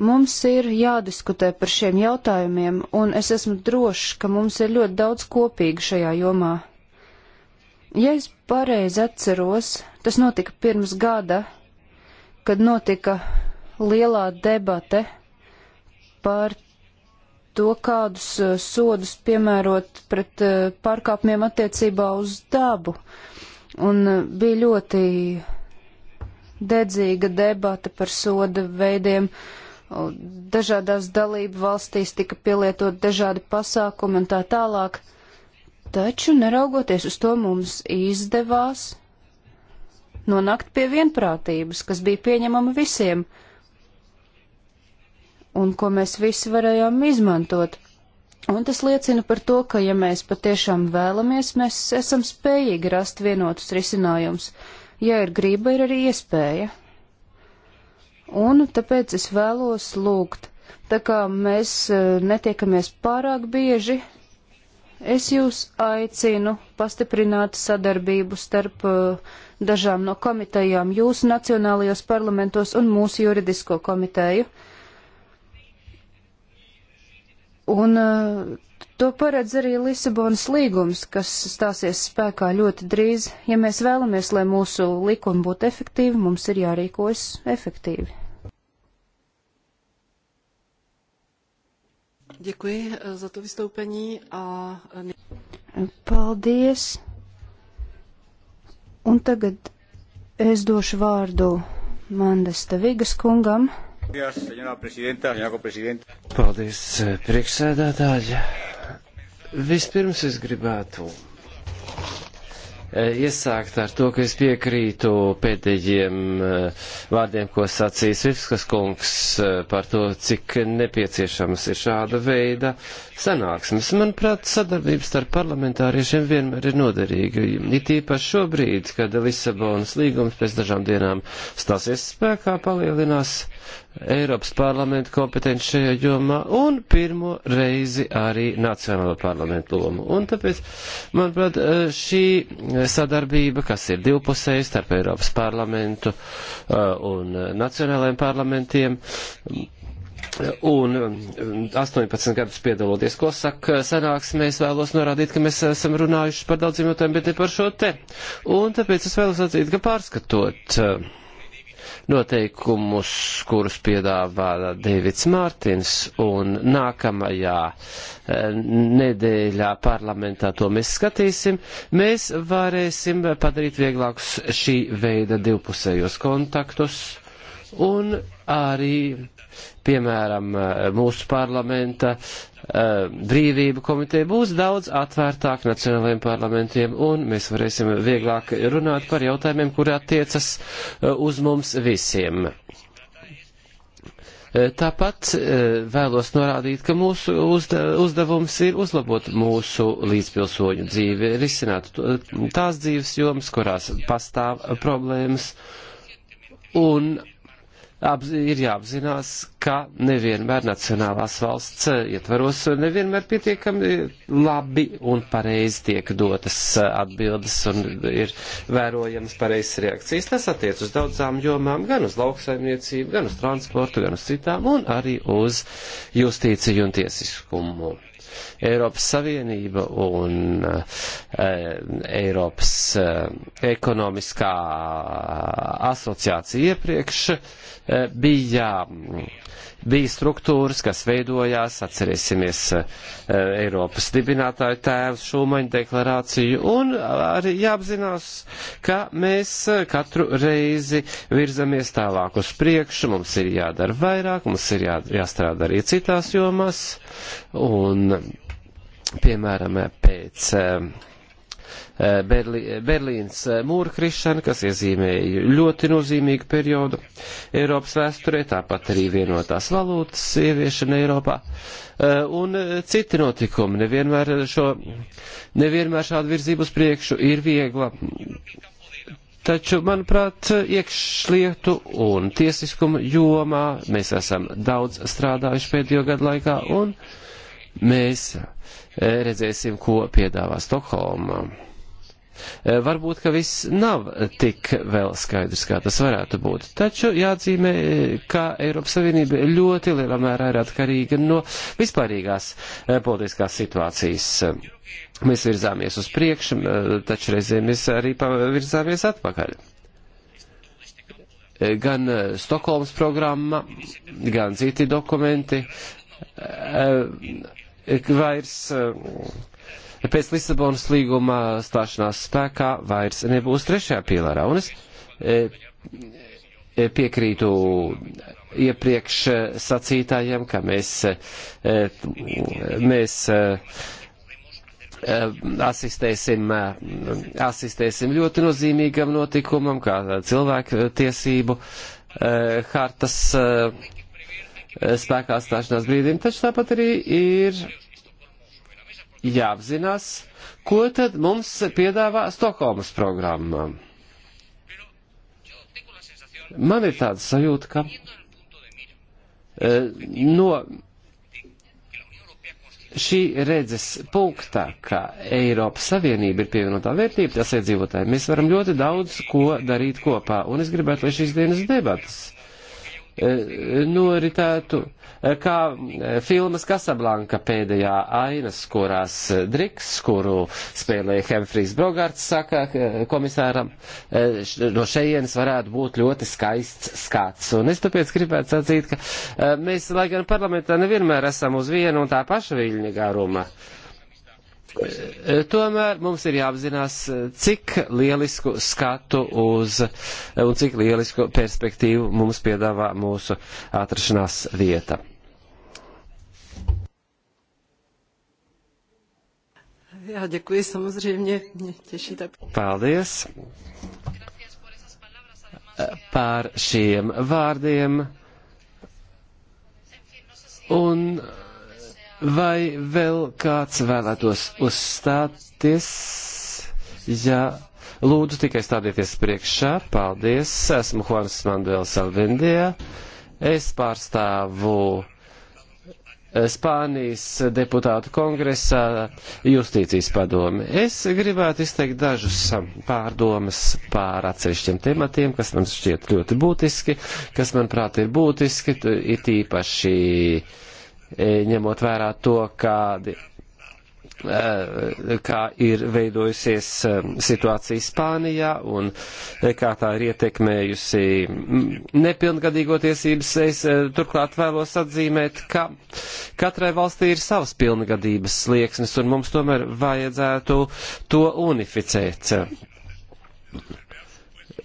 Mums ir jādiskutē par šiem jautājumiem, un es esmu drošs, ka mums ir ļoti daudz kopīga šajā jomā. Ja es pareizi atceros, tas notika pirms gada, kad notika lielā debate par to, kādus eh, sodus piemērot pret eh, pārkāpumiem attiecībā uz dabu, un eh, bija ļoti dedzīga debata par soda veidiem. Uh, dažādās dalību valstīs tika pielietot dažādi pasākumi un tā tālāk. Taču, neraugoties uz to, mums izdevās nonākt pie vienprātības, kas bija pieņemama visiem un ko mēs visi varējām izmantot. Un tas liecina par to, ka, ja mēs patiešām vēlamies, mēs esam spējīgi rast vienotus risinājumus. Ja ir grība, ir arī iespēja. Un tāpēc es vēlos lūgt, tā kā mēs e, netiekamies pārāk bieži, es jūs aicinu pastiprināt sadarbību starp e, dažām no komitejām jūsu nacionālajos parlamentos un mūsu juridisko komiteju. Un uh, to paredz arī Lisabonas līgums, kas stāsies spēkā ļoti drīz. Ja mēs vēlamies, lai mūsu likumi būtu efektīvi, mums ir jārīkojas efektīvi. Děkuji eh, za to vystoupení a... Eh, Paldies. Un tagad es došu vārdu Mandesta Vigas kungam. Paldies, eh, priekšsēdētāji. Vispirms es gribētu eh, iesākt ar to, ka es piekrītu pēdējiem eh, vārdiem, ko sacīja Svifskas kungs par to, cik nepieciešams ir šāda veida sanāksmes. Manuprāt, sadarbības starp parlamentāriešiem vienmēr ir noderīga. It īpaši šobrīd, kad Lisabonas līgums pēc dažām dienām stāsies spēkā, palielinās Eiropas parlamenta kompetenci šajā jomā un pirmo reizi arī Nacionālo parlamentu lomu. Un tāpēc, manuprāt, eh, šī sadarbība, kas ir divpusēja starp Eiropas parlamentu eh, un Nacionālajiem parlamentiem, Un 18 um, gadus piedaloties Kosaka sanāksmēs vēlos norādīt, ka mēs esam runājuši par daudziem jautājumiem, bet ne par šo te. Un tāpēc es vēlos atzīt, ka pārskatot uh, noteikumus, kurus piedāvā Dēvids Mārtins, un nākamajā eh, nedēļā parlamentā to mēs skatīsim, mēs varēsim padarīt vieglākus šī veida divpusējos kontaktus un arī piemēram, eh, mūsu parlamenta eh, brīvību komiteja būs daudz atvērtāk nacionālajiem parlamentiem, un mēs varēsim vieglāk runāt par jautājumiem, kuri attiecas eh, uz mums visiem. Tāpat vēlos norādīt, ka mūsu uzdevums ir uzlabot mūsu līdzpilsoņu dzīvi, risināt tās dzīves jomas, kurās pastāv problēmas, un apz, ir jāapzinās, ka nevienmēr nacionālās valsts ietvaros nevienmēr pietiekami labi un pareizi tiek dotas atbildes un ir vērojamas pareizas reakcijas. Tas attiec uz daudzām jomām, gan uz lauksaimniecību, gan uz transportu, gan uz citām un arī uz justīciju un tiesiskumu. Eiropas Savienība un e, Eiropas e, ekonomiskā eh, asociācija iepriekš e, bija bija struktūras, kas veidojās, atcerēsimies eh, Eiropas dibinātāju tēvu Šūmaņu deklarāciju, un arī jāapzinās, ka mēs eh, katru reizi virzamies tālāk uz priekšu, mums ir jādara vairāk, mums ir jā, jāstrādā arī citās jomās, un, piemēram, pēc eh, Eh, Berlī, eh, Berlīnas eh, mūra krišana, kas iezīmēja ļoti nozīmīgu periodu Eiropas vēsturē, tāpat arī vienotās valūtas ieviešana Eiropā. Un citi notikumi nevienmēr, šo, nevienmēr šādu virzību uz priekšu ir viegla. Taču, manuprāt, iekšlietu un tiesiskuma jomā mēs esam daudz strādājuši pēdējo gadu laikā un uh, Mēs e, redzēsim, ko piedāvā Stokholma. E, varbūt, ka viss nav tik vēl skaidrs, kā tas varētu būt. Taču jāatzīmē, ka Eiropas Savienība ļoti lielā mērā ir atkarīga no vispārīgās e, politiskās situācijas. Mēs virzāmies uz priekšu, taču reizēm mēs arī virzāmies atpakaļ gan Stokholmas programma, gan citi dokumenti vairs eh, pēc Lisabonas līguma stāšanās spēkā vairs nebūs trešajā pīlārā. Un es eh, eh, piekrītu iepriekš sacītājiem, ka mēs, mēs asistēsim, asistēsim ļoti nozīmīgam notikumam, kā cilvēku tiesību hartas Eh, spēkā stāšanās brīdim, taču tāpat arī ir jāapzinās, ko tad mums piedāvā Stokholmas programmā. Man ir tāda sajūta, ka eh, no šī redzes punktā, ka Eiropas Savienība ir pievienotā vērtība tās iedzīvotājiem, mēs varam ļoti daudz ko darīt kopā, un es gribētu, lai šīs dienas debatas Eh, noritētu eh, kā eh, filmas Kasablanka pēdējā ainas, kurās Driks, kuru spēlēja Hemfrijs Brogards, saka komisāram, no šejienes varētu būt ļoti skaists skats. Un es tāpēc gribētu sacīt, ka mēs, lai gan parlamentā nevienmēr esam uz vienu un tā paša viļņa garuma, Eh, tomēr mums ir jāapzinās, eh, cik lielisku skatu uz eh, un cik lielisku perspektīvu mums piedāvā mūsu atrašanās vieta. Jā, ďakuji, samozřejmě, mě těší tak. Paldies par šiem vārdiem. Un Vai vēl kāds vēlētos uzstāties? Jā, lūdzu tikai stādieties priekšā. Paldies, esmu Juans Manuels Alvendijā. Es pārstāvu Spānijas deputātu kongresā justīcijas padomi. Es gribētu izteikt dažus pārdomas pār atsevišķiem tematiem, kas man šķiet ļoti būtiski, kas, manuprāt, ir būtiski, ir tīpaši E, ņemot vērā to, kādi e, kā ir veidojusies e, situācija Spānijā un kā tā ir ietekmējusi nepilngadīgo tiesības. Es turklāt vēlos atzīmēt, ka katrai valstī ir savas pilngadības slieksnes un mums tomēr vajadzētu to unificēt.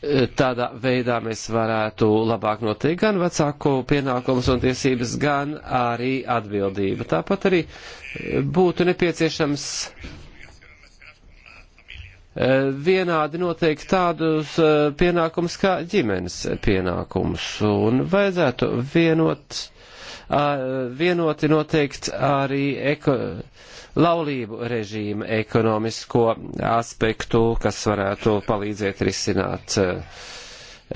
Tādā veidā mēs varētu labāk noteikt gan vecāku pienākumus un tiesības, gan arī atbildību. Tāpat arī eh, būtu nepieciešams eh, vienādi noteikti tādus eh, pienākumus kā ģimenes pienākumus un vajadzētu vienot, vienoti noteikt arī ekonomiski laulību režīmu ekonomisko aspektu, kas varētu palīdzēt risināt eh,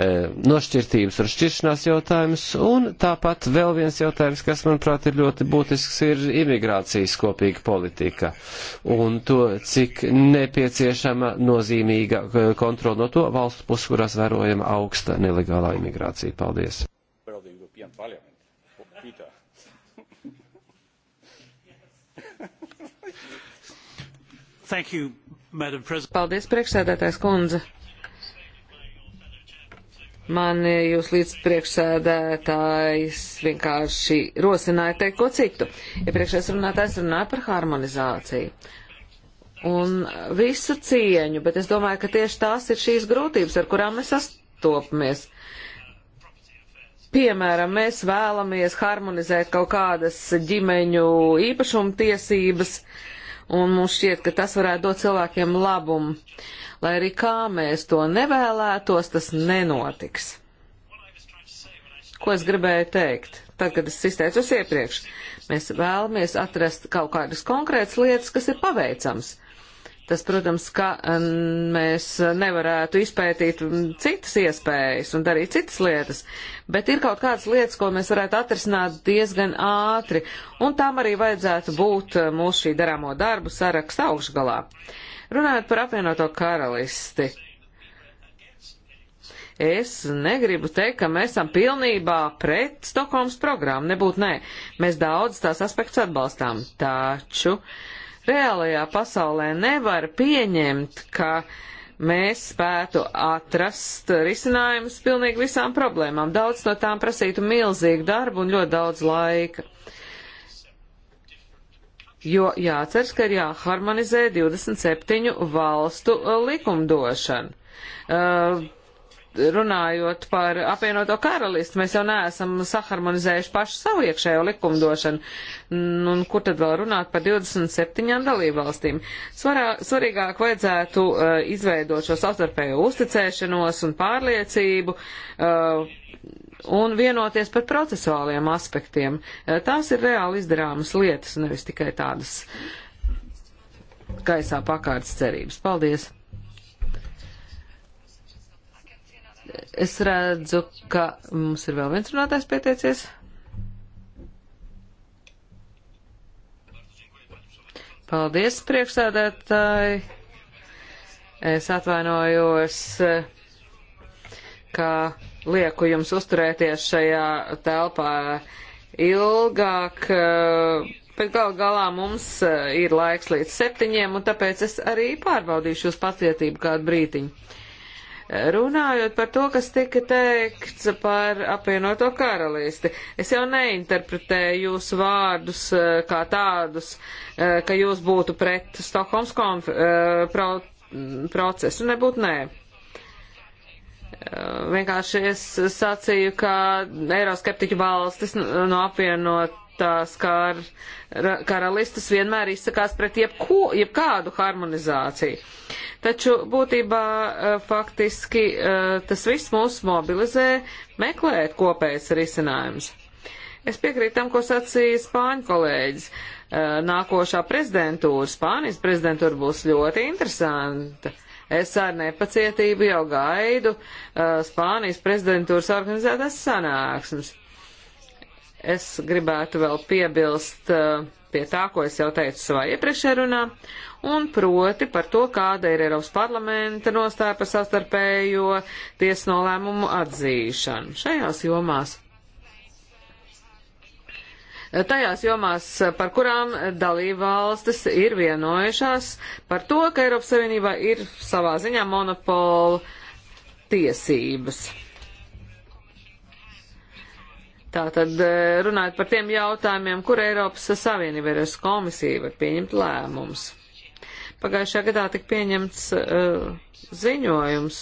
eh, nošķirtības un šķiršanās jautājums, un tāpat vēl viens jautājums, kas, manuprāt, ir ļoti būtisks, ir imigrācijas kopīga politika un to, cik nepieciešama nozīmīga eh, kontrola no to valstu puses, kurās vērojama augsta nelegālā imigrācija. Paldies! Paljon. You, Paldies, priekšsēdētājs kundze. Man jūs līdz priekšsēdētājs vienkārši rosināja teikt ko citu. Iepriekšējais ja runātājs runāja par harmonizāciju. Un visu cieņu, bet es domāju, ka tieši tās ir šīs grūtības, ar kurām mēs sastopamies. Piemēram, mēs vēlamies harmonizēt kaut kādas ģimeņu īpašuma tiesības. Uh, un mums šķiet, ka tas varētu dot cilvēkiem labumu. Lai arī kā mēs to nevēlētos, tas nenotiks. Ko es gribēju teikt? Tad, kad es izteicos iepriekš, mēs vēlamies atrast kaut kādas konkrētas lietas, kas ir paveicams. Uh, Tas, protams, ka um, mēs nevarētu izpētīt um, citas iespējas un darīt citas lietas, bet ir kaut kādas lietas, ko mēs varētu atrisināt diezgan ātri, un tām arī vajadzētu būt uh, mūsu šī darāmo darbu saraksta augšgalā. Runājot par apvienoto karalisti. Es negribu teikt, ka mēs esam pilnībā pret Stokholmas programmu, nebūtu nē. Mēs daudz tās aspektus atbalstām, taču uh, reālajā pasaulē nevar pieņemt, ka mēs spētu atrast risinājumus pilnīgi visām problēmām. Daudz no tām prasītu milzīgu darbu un ļoti daudz laika. Jo jāceras, ka ir jāharmonizē 27 valstu likumdošana. Uh, runājot par apvienoto karalistu, mēs jau neesam saharmonizējuši pašu savu iekšējo likumdošanu, un kur tad vēl runāt par 27 dalībvalstīm. Svarā, svarīgāk vajadzētu uh, izveidot šo savstarpējo uzticēšanos un pārliecību. Uh, Un vienoties par procesuāliem aspektiem. Uh, tās ir reāli izdarāmas lietas, nevis tikai tādas gaisā pakārtas cerības. Paldies! Es redzu, ka mums ir vēl viens runātājs pieteicies. Paldies, priekšsēdētāji. Es atvainojos, ka lieku jums uzturēties šajā telpā ilgāk, bet gal galā mums ir laiks līdz septiņiem, un tāpēc es arī pārbaudīšu uz pacietību kādu brītiņu. Runājot par to, kas tika teikts par apvienoto karalisti, es jau neinterpretēju jūsu vārdus eh, kā tādus, eh, ka jūs būtu pret Stokholms eh, pro procesu. Nebūtu nē. Vienkārši es sacīju, ka eiroskeptiķu valstis no apvienot tās kar, karalistas vienmēr izsakās pret jebko, jebkādu harmonizāciju. Taču būtībā faktiski tas viss mūs mobilizē meklēt kopējas risinājumus. Es piekrītu tam, ko sacīja Spāņu kolēģis. Nākošā prezidentūra, Spānijas prezidentūra būs ļoti interesanta. Es ar nepacietību jau gaidu Spānijas prezidentūras organizētās sanāksmes Es gribētu vēl piebilst eh, pie tā, ko es jau teicu savā iepriekšējā runā, un proti par to, kāda ir Eiropas parlamenta nostāja par sastarpējo tiesnolēmumu atzīšanu šajās jomās. Tajās jomās, par kurām dalībvalstis ir vienojušās par to, ka Eiropas Savienībā ir savā ziņā monopola tiesības. Tātad e, runājot par tiem jautājumiem, kur Eiropas Savienība ir es komisija var pieņemt lēmums. Pagājušajā gadā tika pieņemts uh, ziņojums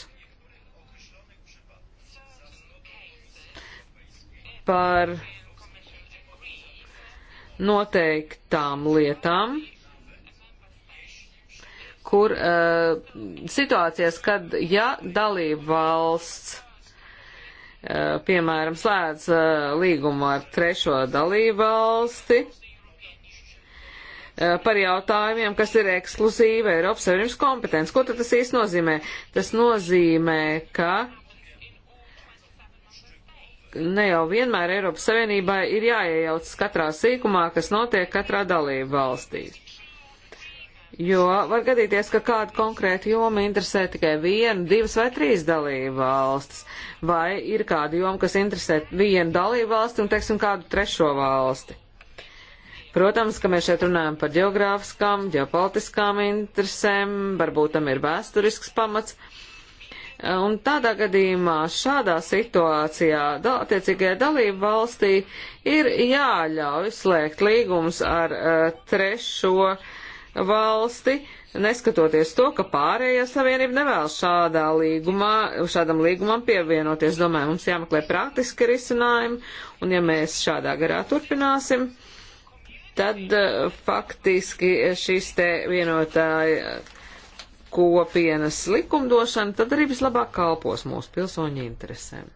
par noteiktām lietām, kur uh, situācijas, kad ja dalība valsts Eh, piemēram, slēdz eh, līgumu ar trešo dalību valsti eh, par jautājumiem, kas ir ekskluzīva Eiropas Savienības kompetence. Ko tad tas īsti nozīmē? Tas nozīmē, ka ne jau vienmēr Eiropas Savienībai ir jāiejaucas katrā sīkumā, kas notiek katrā dalību valstīs. Jo var gadīties, ka kāda konkrēta joma interesē tikai vienu, divas vai trīs dalību valstis, vai ir kāda joma, kas interesē vienu dalību valsti un, teiksim, kādu trešo valsti. Protams, ka mēs šeit runājam par geogrāfiskām, ģeopolitiskām interesēm, varbūt tam ir vēsturisks pamats. Un tādā gadījumā, šādā situācijā, da, attiecīgajā dalību valstī ir jāļauj slēgt līgums ar uh, trešo uh, valsti, neskatoties to, ka pārējā savienība nevēlas šādā līgumā, šādam līgumam pievienoties. Domāju, mums jāmeklē praktiski risinājumi, un ja mēs šādā garā turpināsim, tad uh, faktiski šīs te vienotāja kopienas likumdošana tad arī vislabāk kalpos mūsu pilsoņu interesēm.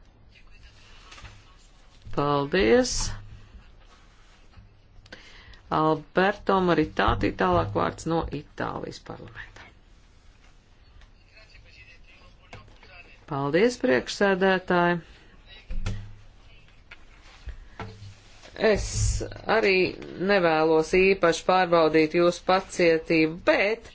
Paldies! Alberto Maritāti, tālāk vārds no Itālijas parlamenta. Paldies, priekšsēdētāji! Es arī nevēlos īpaši pārbaudīt jūsu pacietību, bet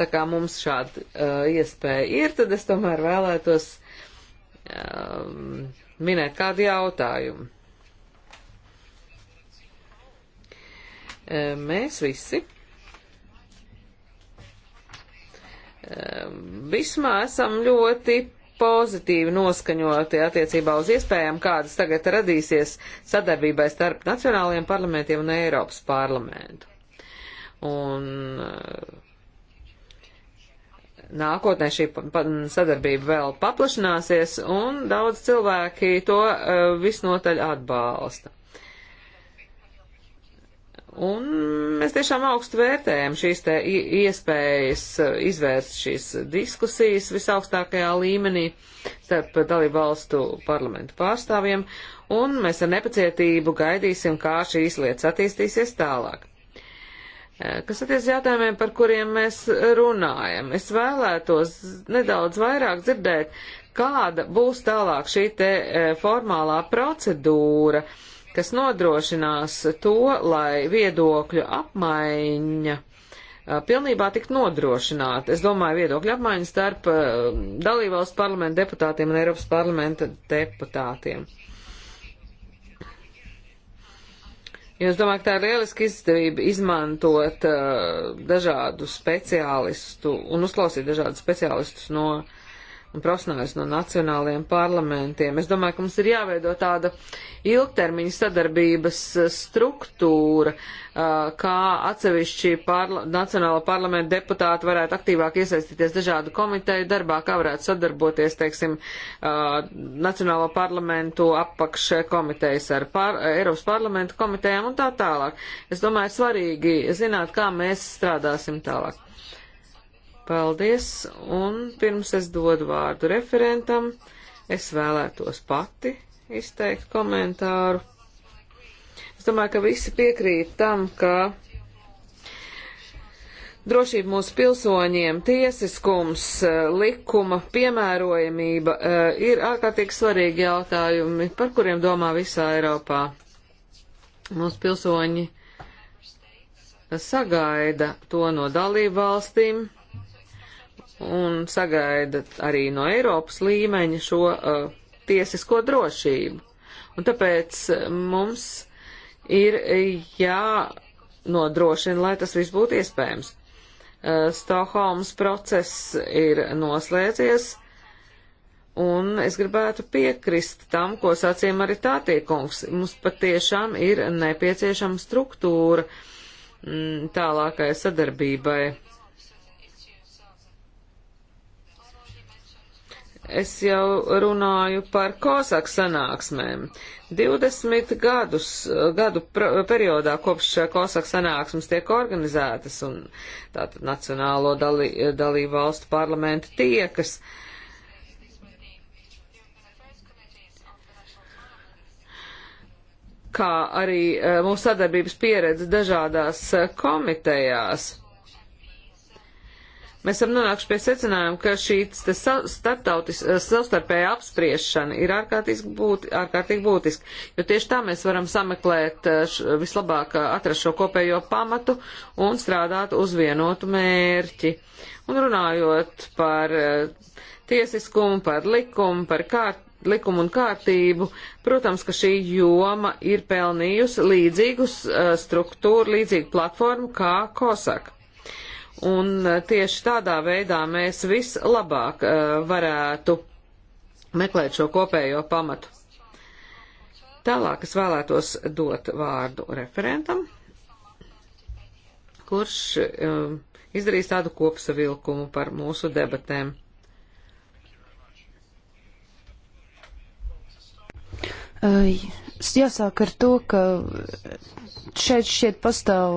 tā kā mums šāda uh, iespēja ir, tad es tomēr vēlētos uh, minēt kādu jautājumu. mēs visi vismaz esam ļoti pozitīvi noskaņoti attiecībā uz iespējām, kādas tagad radīsies sadarbībai starp nacionālajiem parlamentiem un Eiropas parlamentu. Un nākotnē šī sadarbība vēl paplašināsies, un daudz cilvēki to visnotaļ atbalsta. Un mēs tiešām augstu vērtējam šīs te iespējas uh, izvērst šīs diskusijas visaugstākajā līmenī starp dalību valstu parlamentu pārstāvjiem, un mēs ar nepacietību gaidīsim, kā šīs lietas attīstīsies tālāk. Uh, kas attiecas jautājumiem, par kuriem mēs runājam, es vēlētos nedaudz vairāk dzirdēt, kāda būs tālāk šī te eh, formālā procedūra, uh, kas nodrošinās to, lai viedokļu apmaiņa pilnībā tik nodrošināta. Es domāju, viedokļu apmaiņa starp dalībvalstu parlamentu deputātiem un Eiropas parlamenta deputātiem. Jo es domāju, ka tā ir lieliski izdevība izmantot uh, dažādu speciālistu un uzklausīt dažādus speciālistus no uh, un profesionāļus no nacionāliem parlamentiem. Es domāju, ka mums ir jāveido tāda ilgtermiņa sadarbības eh, struktūra, eh, kā atsevišķi parla nacionāla parlamenta deputāti varētu aktīvāk iesaistīties dažādu komiteju darbā, kā varētu sadarboties, teiksim, eh, nacionālo parlamentu apakškomitejas ar par Eiropas parlamentu komitejām un tā tālāk. Es domāju, svarīgi zināt, kā mēs strādāsim tālāk. Paldies, un pirms es dodu vārdu referentam, es vēlētos pati izteikt komentāru. Es domāju, ka visi piekrīt tam, ka drošība mūsu pilsoņiem, tiesiskums, likuma piemērojamība eh, ir ārkārtīgi svarīgi jautājumi, par kuriem domā visā Eiropā. Mūsu pilsoņi sagaida to no dalību valstīm, un sagaida arī no Eiropas līmeņa šo uh, tiesisko drošību. Un tāpēc uh, mums ir jānodrošina, lai tas viss būtu iespējams. Uh, Stokholmas process ir noslēdzies, un es gribētu piekrist tam, ko sacīja arī tātiekungs. Mums patiešām ir nepieciešama struktūra mm, tālākai sadarbībai Es jau runāju par Kozak sanāksmēm. 20 gadus, gadu periodā kopš Kozak sanāksmes tiek organizētas un tātad Nacionālo dalī, dalību valstu parlamentu tiekas. Kā arī eh, mūsu sadarbības pieredze dažādās eh, komitejās. Mēs esam nonākuši pie secinājuma, ka šī eh, savstarpēja apspriešana ir ārkārtīgi, būti, ārkārtīgi būtiska, jo tieši tā mēs varam sameklēt eh, š, vislabāk eh, atrast šo kopējo pamatu un strādāt uz vienotu mērķi. Un runājot par tiesiskumu, par likumu, par kārt, likumu un kārtību. Protams, ka šī joma ir pelnījusi līdzīgus struktūru, līdzīgu platformu kā Kosaka. Un eh, tieši tādā veidā mēs vislabāk eh, varētu meklēt šo kopējo pamatu. Tālāk es vēlētos dot vārdu referentam, kurš um, izdarīs tādu kopsavilkumu par mūsu debatēm. Jāsāk ar to, ka šeit šķiet pastāv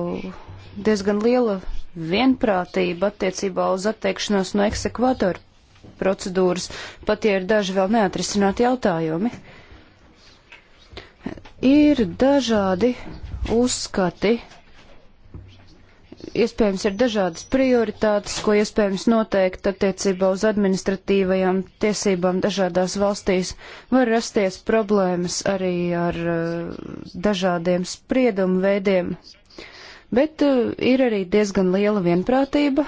diezgan liela vienprātība attiecībā uz atteikšanos no eksekvatoru procedūras, pat ja ir daži vēl neatrisināti jautājumi. Ir dažādi uzskati, iespējams ir dažādas prioritātes, ko iespējams noteikt attiecībā uz administratīvajām tiesībām dažādās valstīs. Var rasties problēmas arī ar uh, dažādiem spriedumu veidiem, Bet uh, ir arī diezgan liela vienprātība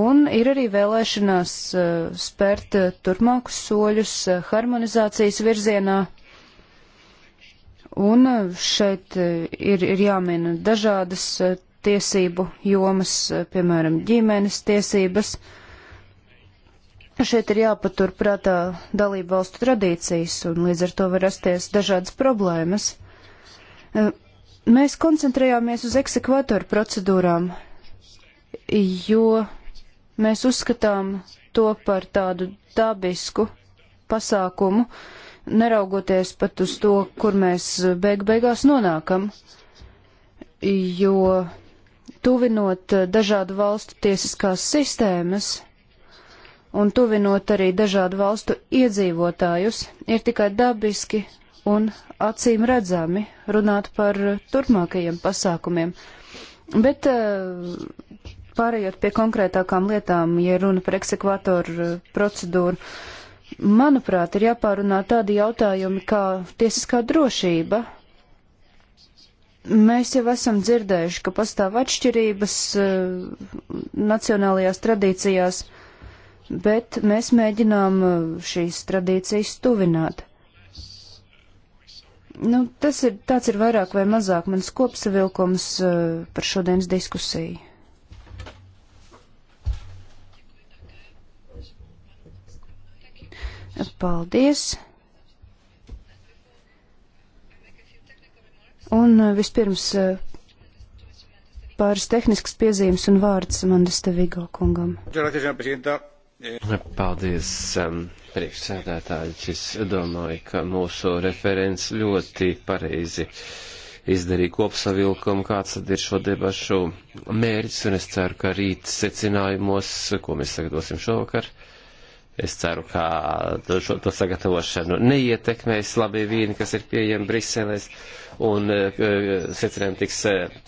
un ir arī vēlēšanās uh, spērt uh, turpmākus soļus harmonizācijas virzienā. Un šeit ir, ir jāmina dažādas tiesību jomas, piemēram, ģimenes tiesības. Šeit ir jāpaturprātā dalību valstu tradīcijas, un līdz ar to var rasties dažādas problēmas. Mēs koncentrējāmies uz eksekvatoru procedūrām, jo mēs uzskatām to par tādu dabisku pasākumu, neraugoties pat uz to, kur mēs beig beigās nonākam, jo tuvinot dažādu valstu tiesiskās sistēmas un tuvinot arī dažādu valstu iedzīvotājus, ir tikai dabiski un acīm redzami runāt par turpmākajiem pasākumiem. Bet eh, pārējot pie konkrētākām lietām, ja runa par eksekvatoru eh, procedūru, manuprāt, ir jāpārunā tādi jautājumi kā tiesiskā drošība. Mēs jau esam dzirdējuši, ka pastāv atšķirības eh, nacionālajās tradīcijās, bet mēs mēģinām šīs tradīcijas tuvināt. Nu, tas ir, tāds ir vairāk vai mazāk mans kopsavilkums uh, par šodienas diskusiju. Paldies! Un eh, vispirms eh, pāris tehniskas piezīmes un vārds Mandas Tevigo kungam. Gracias, Paldies, um, priekšsēdētāji. Es domāju, ka mūsu referents ļoti pareizi izdarīja kopsavilkumu, kāds tad ir šo debašu mērķis, un es ceru, ka rīt secinājumos, ko mēs sagatavosim šovakar, es ceru, ka šo, to sagatavošanu neietekmēs labie vīni, kas ir pieejami Briselēs, un eh, secinājumi tiks eh,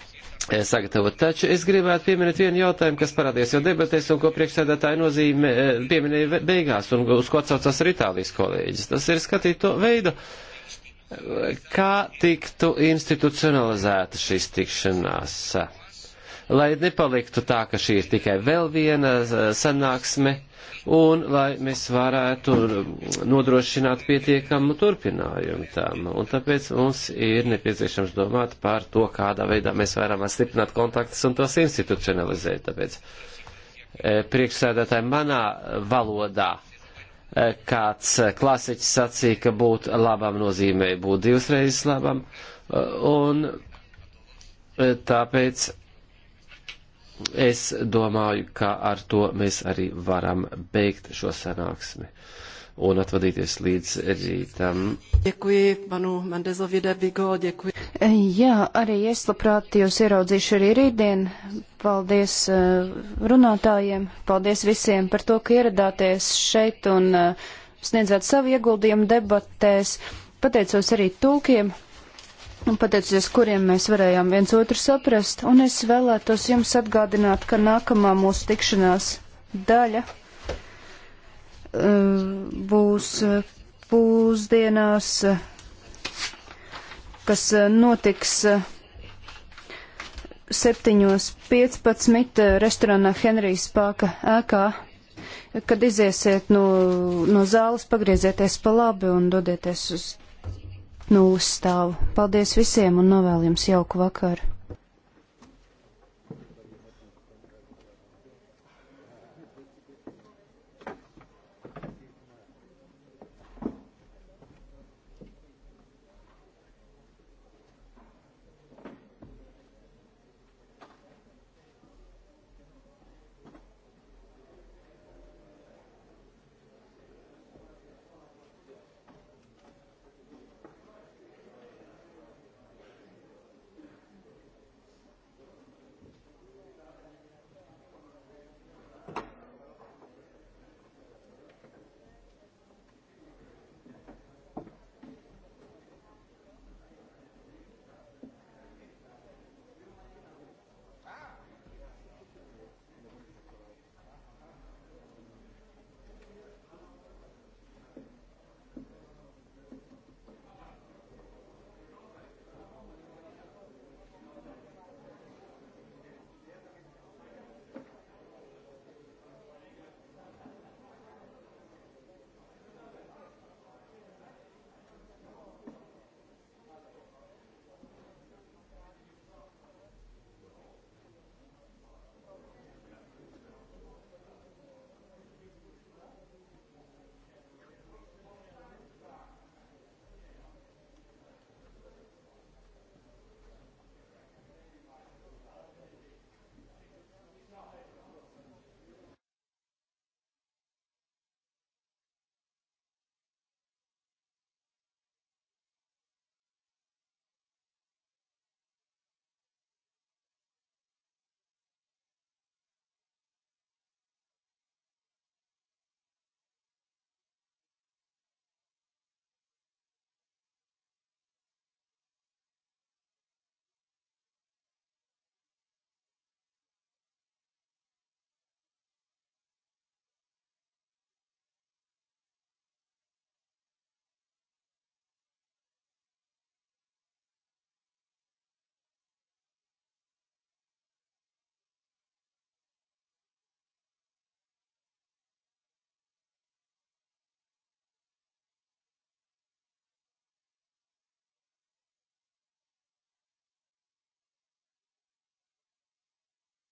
Eh, sagatavot. Taču es gribētu pieminēt vienu jautājumu, kas parādījās jau debatēs un ko priekšsēdētāji nozīme eh, pieminēja beigās un uz ko atsaucās arī Itālijas kolēģis. Tas ir skatīt to veidu, eh, kā tiktu institucionalizēta šīs tikšanās lai nepaliktu tā, ka šī ir tikai vēl viena eh, sanāksme, un lai mēs varētu nodrošināt pietiekamu turpinājumu tam. Un tāpēc mums ir nepieciešams domāt par to, kādā veidā mēs varam stiprināt kontaktus un tos institucionalizēt. Tāpēc eh, priekšsēdētāji manā valodā eh, kāds klasiķis sacīja, ka būt labam nozīmē būt divas reizes labam. Un tāpēc es domāju, ka ar to mēs arī varam beigt šo sanāksmi un atvadīties līdz rītam. Děkuji panu Mendezovi de Vigo, děkuji. Jā, arī es labprāt jūs ieraudzīšu arī rītdien. Paldies eh, runātājiem, paldies visiem par to, ka ieradāties šeit un eh, sniedzāt savu ieguldījumu debatēs. Pateicos arī tulkiem un pateicoties kuriem mēs varējām viens otru saprast, un es vēlētos jums atgādināt, ka nākamā mūsu tikšanās daļa eh, būs eh, pūzdienās, eh, kas notiks 7.15 restorānā Henrijs Pāka ēkā. Kad iziesiet no, no zāles, pagriezieties pa labi un dodieties uz nulles stāvu. Paldies visiem un novēlu jums jauku vakaru!